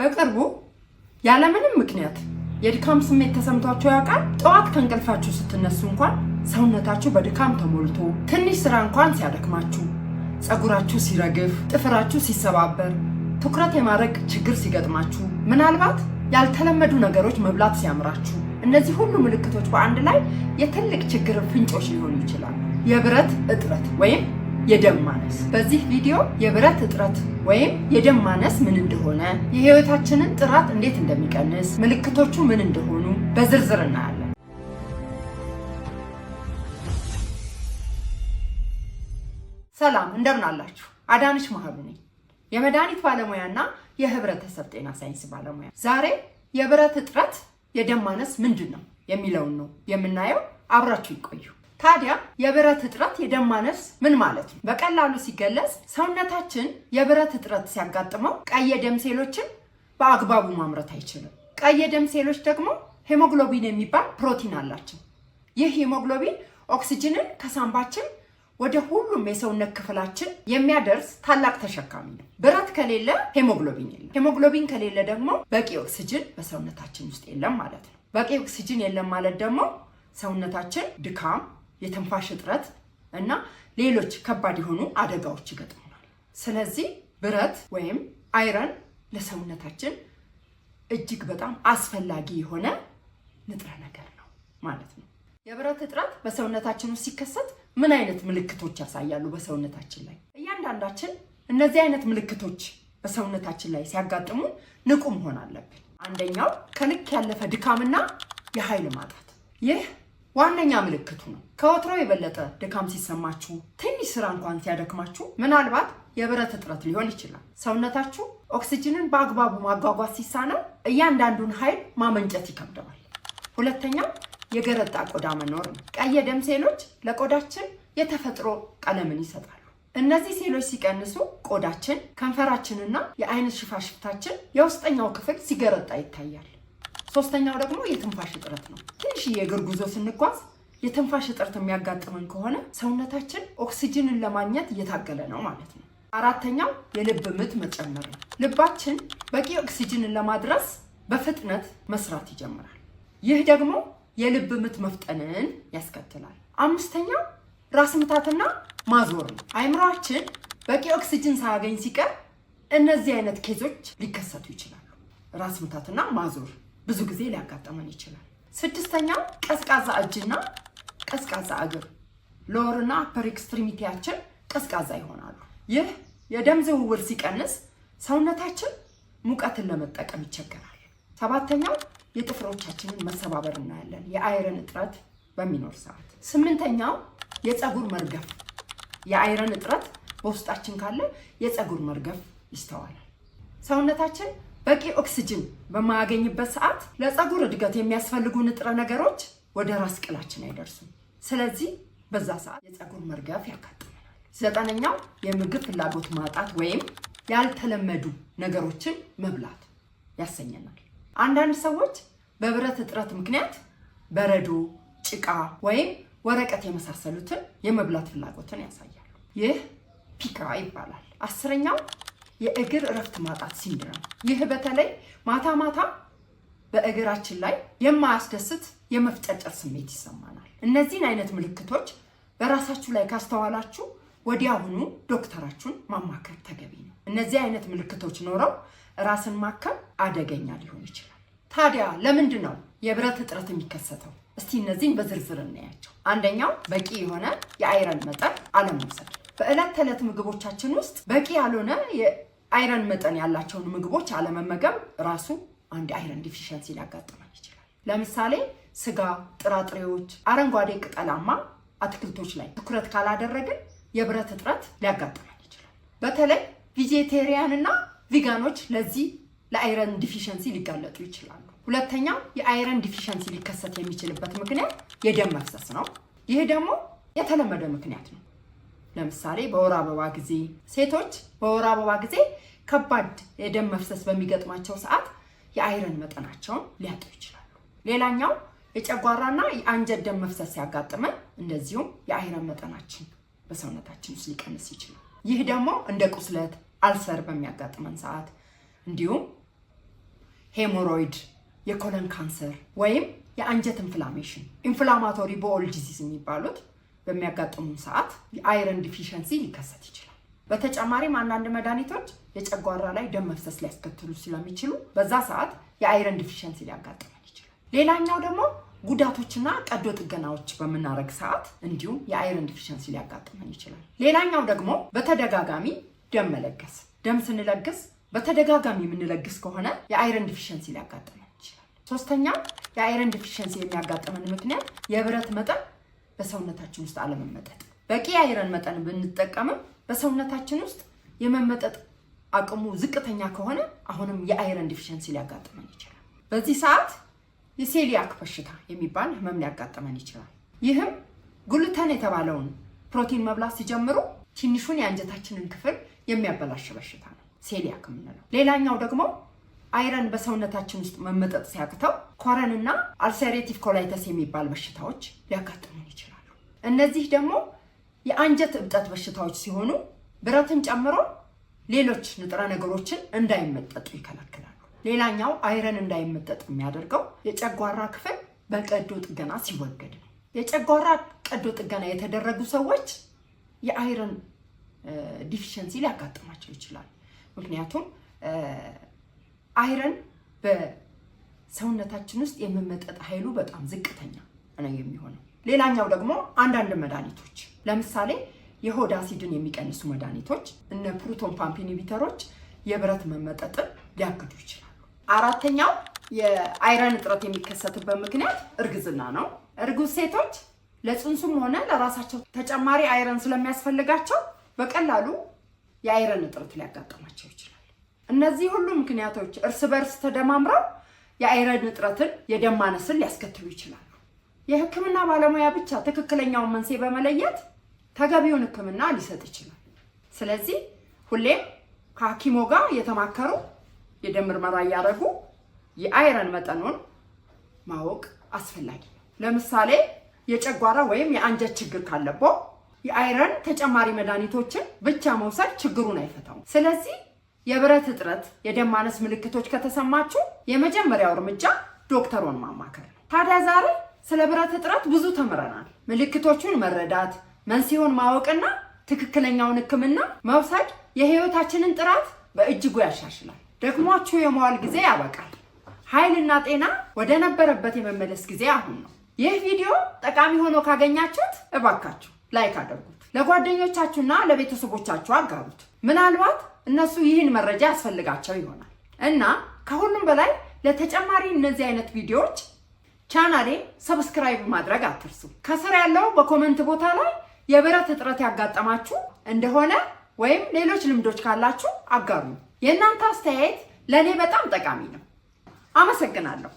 በቅርቡ ያለምንም ምክንያት የድካም ስሜት ተሰምቷቸው ያውቃል? ጠዋት ከእንቅልፋችሁ ስትነሱ እንኳን ሰውነታችሁ በድካም ተሞልቶ ትንሽ ስራ እንኳን ሲያደክማችሁ፣ ፀጉራችሁ ሲረግፍ፣ ጥፍራችሁ ሲሰባበር፣ ትኩረት የማድረግ ችግር ሲገጥማችሁ፣ ምናልባት ያልተለመዱ ነገሮች መብላት ሲያምራችሁ፣ እነዚህ ሁሉ ምልክቶች በአንድ ላይ የትልቅ ችግር ፍንጮች ሊሆኑ ይችላል። የብረት እጥረት ወይም የደም ማነስ። በዚህ ቪዲዮ የብረት እጥረት ወይም የደም ማነስ ምን እንደሆነ፣ የህይወታችንን ጥራት እንዴት እንደሚቀንስ፣ ምልክቶቹ ምን እንደሆኑ በዝርዝር እናያለን። ሰላም እንደምን አላችሁ? አዳነች መሀሩ ነኝ፣ የመድኃኒት ባለሙያና የህብረተሰብ ጤና ሳይንስ ባለሙያ። ዛሬ የብረት እጥረት የደም ማነስ ምንድን ነው የሚለውን ነው የምናየው። አብራችሁ ይቆዩ። ታዲያ የብረት እጥረት የደም ማነስ ምን ማለት ነው? በቀላሉ ሲገለጽ ሰውነታችን የብረት እጥረት ሲያጋጥመው ቀይ ደም ሴሎችን በአግባቡ ማምረት አይችልም። ቀይ ደም ሴሎች ደግሞ ሄሞግሎቢን የሚባል ፕሮቲን አላቸው። ይህ ሄሞግሎቢን ኦክሲጅንን ከሳንባችን ወደ ሁሉም የሰውነት ክፍላችን የሚያደርስ ታላቅ ተሸካሚ ነው። ብረት ከሌለ ሄሞግሎቢን የለም። ሄሞግሎቢን ከሌለ ደግሞ በቂ ኦክሲጅን በሰውነታችን ውስጥ የለም ማለት ነው። በቂ ኦክሲጅን የለም ማለት ደግሞ ሰውነታችን ድካም የትንፋሽ እጥረት እና ሌሎች ከባድ የሆኑ አደጋዎች ይገጥሙናል። ስለዚህ ብረት ወይም አይረን ለሰውነታችን እጅግ በጣም አስፈላጊ የሆነ ንጥረ ነገር ነው ማለት ነው። የብረት እጥረት በሰውነታችን ውስጥ ሲከሰት ምን አይነት ምልክቶች ያሳያሉ? በሰውነታችን ላይ እያንዳንዳችን እነዚህ አይነት ምልክቶች በሰውነታችን ላይ ሲያጋጥሙ ንቁ መሆን አለብን። አንደኛው ከልክ ያለፈ ድካምና የኃይል ማጣት ይህ ዋነኛ ምልክቱ ነው። ከወትሮ የበለጠ ድካም ሲሰማችሁ፣ ትንሽ ስራ እንኳን ሲያደክማችሁ፣ ምናልባት የብረት እጥረት ሊሆን ይችላል። ሰውነታችሁ ኦክሲጅንን በአግባቡ ማጓጓዝ ሲሳነው እያንዳንዱን ኃይል ማመንጨት ይከብደዋል። ሁለተኛ የገረጣ ቆዳ መኖር ነው። ቀይ ደም ሴሎች ለቆዳችን የተፈጥሮ ቀለምን ይሰጣሉ። እነዚህ ሴሎች ሲቀንሱ ቆዳችን፣ ከንፈራችንና የአይነት ሽፋሽፍታችን የውስጠኛው ክፍል ሲገረጣ ይታያል። ሶስተኛው ደግሞ የትንፋሽ እጥረት ነው። ትንሽ የእግር ጉዞ ስንጓዝ የትንፋሽ እጥረት የሚያጋጥመን ከሆነ ሰውነታችን ኦክሲጅንን ለማግኘት እየታገለ ነው ማለት ነው። አራተኛው የልብ ምት መጨመር ነው። ልባችን በቂ ኦክሲጅንን ለማድረስ በፍጥነት መስራት ይጀምራል። ይህ ደግሞ የልብ ምት መፍጠንን ያስከትላል። አምስተኛው ራስ ምታትና ማዞር ነው። አይምሯችን በቂ ኦክሲጅን ሳያገኝ ሲቀር እነዚህ አይነት ኬዞች ሊከሰቱ ይችላሉ። ራስ ምታትና ማዞር ብዙ ጊዜ ሊያጋጠመን ይችላል። ስድስተኛው ቀዝቃዛ እጅና ቀዝቃዛ እግር ሎወርና አፐር ኤክስትሪሚቲያችን ቀዝቃዛ ይሆናሉ። ይህ የደም ዝውውር ሲቀንስ ሰውነታችን ሙቀትን ለመጠቀም ይቸገራል። ሰባተኛው የጥፍሮቻችንን መሰባበር እናያለን የአይረን እጥረት በሚኖር ሰዓት። ስምንተኛው የፀጉር መርገፍ የአይረን እጥረት በውስጣችን ካለ የፀጉር መርገፍ ይስተዋላል። ሰውነታችን በቂ ኦክስጅን በማያገኝበት ሰዓት ለፀጉር እድገት የሚያስፈልጉ ንጥረ ነገሮች ወደ ራስ ቅላችን አይደርሱም። ስለዚህ በዛ ሰዓት የፀጉር መርገፍ ያጋጥመናል። ዘጠነኛው የምግብ ፍላጎት ማጣት ወይም ያልተለመዱ ነገሮችን መብላት ያሰኘናል። አንዳንድ ሰዎች በብረት እጥረት ምክንያት በረዶ፣ ጭቃ ወይም ወረቀት የመሳሰሉትን የመብላት ፍላጎትን ያሳያሉ። ይህ ፒካ ይባላል። አስረኛው የእግር እረፍት ማጣት ሲንድረም። ይህ በተለይ ማታ ማታ በእግራችን ላይ የማያስደስት የመፍጨጨር ስሜት ይሰማናል። እነዚህን አይነት ምልክቶች በራሳችሁ ላይ ካስተዋላችሁ ወዲያውኑ ዶክተራችሁን ማማከር ተገቢ ነው። እነዚህ አይነት ምልክቶች ኖረው ራስን ማከም አደገኛ ሊሆን ይችላል። ታዲያ ለምንድን ነው የብረት እጥረት የሚከሰተው? እስቲ እነዚህን በዝርዝር እናያቸው። አንደኛው በቂ የሆነ የአይረን መጠን አለመውሰድ። በዕለት ተዕለት ምግቦቻችን ውስጥ በቂ ያልሆነ አይረን መጠን ያላቸውን ምግቦች አለመመገብ ራሱ አንድ አይረን ዲፊሸንሲ ሊያጋጥመን ይችላል። ለምሳሌ ስጋ፣ ጥራጥሬዎች፣ አረንጓዴ ቅጠላማ አትክልቶች ላይ ትኩረት ካላደረግን የብረት እጥረት ሊያጋጥመን ይችላል። በተለይ ቪጄቴሪያን እና ቪጋኖች ለዚህ ለአይረን ዲፊሽንሲ ሊጋለጡ ይችላሉ። ሁለተኛው የአይረን ዲፊሸንሲ ሊከሰት የሚችልበት ምክንያት የደም መፍሰስ ነው። ይህ ደግሞ የተለመደ ምክንያት ነው። ለምሳሌ በወር አበባ ጊዜ ሴቶች በወር አበባ ጊዜ ከባድ የደም መፍሰስ በሚገጥማቸው ሰዓት የአይረን መጠናቸውን ሊያጡ ይችላሉ። ሌላኛው የጨጓራና የአንጀት ደም መፍሰስ ሲያጋጥመን እንደዚሁም የአይረን መጠናችን በሰውነታችን ውስጥ ሊቀንስ ይችላል። ይህ ደግሞ እንደ ቁስለት፣ አልሰር በሚያጋጥመን ሰዓት እንዲሁም ሄሞሮይድ፣ የኮለን ካንሰር ወይም የአንጀት ኢንፍላሜሽን ኢንፍላማቶሪ ቦል ዲዚዝ የሚባሉት በሚያጋጥሙ ሰዓት የአይረን ዲፊሽንሲ ሊከሰት ይችላል። በተጨማሪም አንዳንድ መድኃኒቶች የጨጓራ ላይ ደም መፍሰስ ሊያስከትሉ ስለሚችሉ በዛ ሰዓት የአይረን ዲፊሽንሲ ሊያጋጥመን ይችላል። ሌላኛው ደግሞ ጉዳቶችና ቀዶ ጥገናዎች በምናደርግ ሰዓት እንዲሁም የአይረን ዲፊሽንሲ ሊያጋጥመን ይችላል። ሌላኛው ደግሞ በተደጋጋሚ ደም መለገስ፣ ደም ስንለግስ በተደጋጋሚ የምንለግስ ከሆነ የአይረን ዲፊሽንሲ ሊያጋጥመን ይችላል። ሶስተኛ የአይረን ዲፊሽንሲ የሚያጋጥመን ምክንያት የብረት መጠን በሰውነታችን ውስጥ አለመመጠጥ። በቂ አይረን መጠን ብንጠቀምም በሰውነታችን ውስጥ የመመጠጥ አቅሙ ዝቅተኛ ከሆነ አሁንም የአይረን ዲፊሽንሲ ሊያጋጥመን ይችላል። በዚህ ሰዓት የሴሊያክ በሽታ የሚባል ህመም ሊያጋጥመን ይችላል። ይህም ጉልተን የተባለውን ፕሮቲን መብላት ሲጀምሩ ትንሹን የአንጀታችንን ክፍል የሚያበላሽ በሽታ ነው ሴሊያክ የምንለው። ሌላኛው ደግሞ አይረን በሰውነታችን ውስጥ መመጠጥ ሲያቅተው ኮረን ና አልሰሬቲቭ ኮላይተስ የሚባል በሽታዎች ሊያጋጥሙን ይችላሉ። እነዚህ ደግሞ የአንጀት እብጠት በሽታዎች ሲሆኑ ብረትን ጨምሮ ሌሎች ንጥረ ነገሮችን እንዳይመጠጡ ይከለክላሉ። ሌላኛው አይረን እንዳይመጠጥ የሚያደርገው የጨጓራ ክፍል በቀዶ ጥገና ሲወገድ ነው። የጨጓራ ቀዶ ጥገና የተደረጉ ሰዎች የአይረን ዲፊሸንሲ ሊያጋጥማቸው ይችላል። ምክንያቱም አይረን በሰውነታችን ውስጥ የመመጠጥ ኃይሉ በጣም ዝቅተኛ ነው የሚሆነው። ሌላኛው ደግሞ አንዳንድ መድኃኒቶች ለምሳሌ የሆድ አሲድን የሚቀንሱ መድኃኒቶች እነ ፕሩቶን ፓምፕ ኢንሂቢተሮች የብረት መመጠጥን ሊያግዱ ይችላሉ። አራተኛው የአይረን እጥረት የሚከሰትበት ምክንያት እርግዝና ነው። እርጉዝ ሴቶች ለጽንሱም ሆነ ለራሳቸው ተጨማሪ አይረን ስለሚያስፈልጋቸው በቀላሉ የአይረን እጥረት ሊያጋጥማቸው ይችላል። እነዚህ ሁሉ ምክንያቶች እርስ በርስ ተደማምረው የአይረን እጥረትን የደም ማነስን ሊያስከትሉ ይችላሉ። የህክምና ባለሙያ ብቻ ትክክለኛውን መንስኤ በመለየት ተገቢውን ህክምና ሊሰጥ ይችላል። ስለዚህ ሁሌም ከሐኪሞ ጋር የተማከሩ የደም ምርመራ እያደረጉ የአይረን መጠኑን ማወቅ አስፈላጊ ነው። ለምሳሌ የጨጓራ ወይም የአንጀት ችግር ካለበው የአይረን ተጨማሪ መድኃኒቶችን ብቻ መውሰድ ችግሩን አይፈታውም። ስለዚህ የብረት እጥረት፣ የደም ማነስ ምልክቶች ከተሰማችሁ የመጀመሪያው እርምጃ ዶክተሮን ማማከር ነው። ታዲያ ዛሬ ስለ ብረት እጥረት ብዙ ተምረናል። ምልክቶቹን መረዳት፣ መንስኤውን ማወቅና ትክክለኛውን ሕክምና መውሰድ የህይወታችንን ጥራት በእጅጉ ያሻሽላል። ደክሟችሁ የመዋል ጊዜ ያበቃል። ኃይልና ጤና ወደ ነበረበት የመመለስ ጊዜ አሁን ነው። ይህ ቪዲዮ ጠቃሚ ሆኖ ካገኛችሁት እባካችሁ ላይክ አድርጉት፣ ለጓደኞቻችሁና ለቤተሰቦቻችሁ አጋሩት። ምናልባት እነሱ ይህን መረጃ ያስፈልጋቸው ይሆናል እና ከሁሉም በላይ ለተጨማሪ እነዚህ አይነት ቪዲዮዎች ቻናሌ ሰብስክራይብ ማድረግ አትርሱ። ከስር ያለው በኮመንት ቦታ ላይ የብረት እጥረት ያጋጠማችሁ እንደሆነ ወይም ሌሎች ልምዶች ካላችሁ አጋሩ። የእናንተ አስተያየት ለእኔ በጣም ጠቃሚ ነው። አመሰግናለሁ።